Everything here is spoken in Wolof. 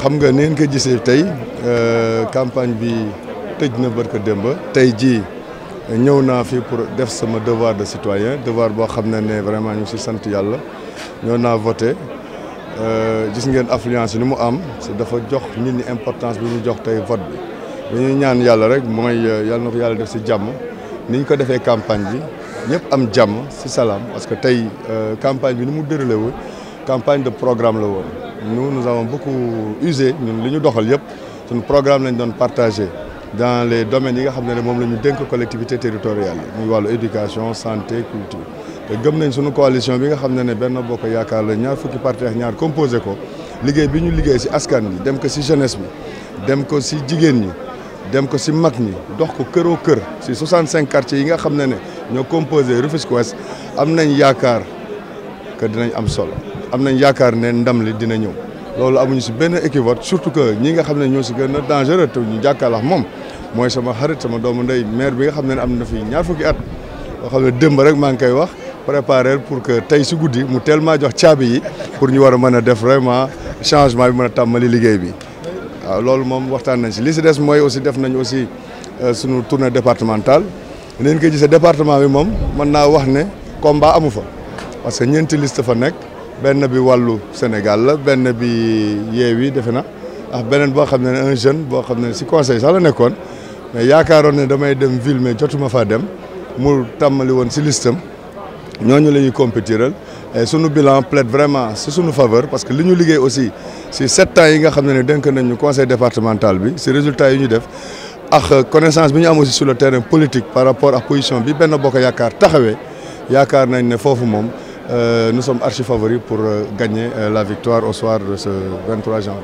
xam nga neen ko gisee tey euh, campagne bi tëj na barka démb tey jii ñëw naa fi pour def sama devoir de citoyen devoir boo xam ne ne vraiment ñu si sant yàlla ñëw naa voté euh, gis ngeen affluence ni mu am si dafa jox nit ñi importance bi ñu jox tey vote bi li ñuy ñaan yàlla rek mooy euh, yàlla na ko yàlla def si jàmm ni ñu ko defee campagne bi ñëpp am jàmm si salaam parce que tey campagne bi ni mu déroulé campagne de programme la woon nous, nous avons beaucoup usé, nous, nous c'est un programme que nous partagé dans les domaines qui sont les collectivités territoriales, l'éducation, santé, culture. te gëm nañ suñu coalition bi nga xam ne ne benn bokk yaakaar la ñaar fukki parti ak ñaar composé ko liggéey bi ñu liggéey si askan bi dem ko si jeunesse bi dem ko si jigéen ñi dem ko ci mag ñi dox ko au kër ci 65 quartiers yi nga xamné ne ñoo composé Rufisque Ouest am nañ yaakaar que dinañ am solo am nañ yaakaar ne ndam li dina ñëw loolu amuñu si benn équivoque surtout que ñi nga xam ne ñoo si gën a dangereux te ñu ak moom mooy sama xarit sama doomu ndey maire bi nga xam ne am na fi ñaar fukki at boo xam ne démb rek maa ngi koy wax préparer pour que tey si guddi mu tellement jox caabi yi pour ñu war a mën a def vraiment changement bi mën a tàmmali liggéey bi waaw loolu moom waxtaan nañ si li si des mooy aussi def nañ aussi euh, suñu tournée départementale leen ko gisee département bi moom mën naa wax ne combat amu fa Ben bi wàllu Sénégal la ben bi Yewwi defena na benen bo xamné un jeune bo xamné ci conseil ça la nékkone mais yaakaaroon né damay dem ville mais jotuma fa dem mu tamali won ci listam ñoñu la ñuy compétiral et sunu bilan plaide vraiment C'est sunu faveur parce que liñu liggéey aussi ci sept ans yi nga xamné ne dénk nañu conseil départemental bi si résultat yi ñu def ak connaissance bi ñu am aussi sur le terrain politique par rapport à position bi benn bokk yaakaar taxawé yaakaar nañ né fofu mom euh, nous sommes archi favoris pour euh, gagner euh, la victoire au soir de ce 23 janvier.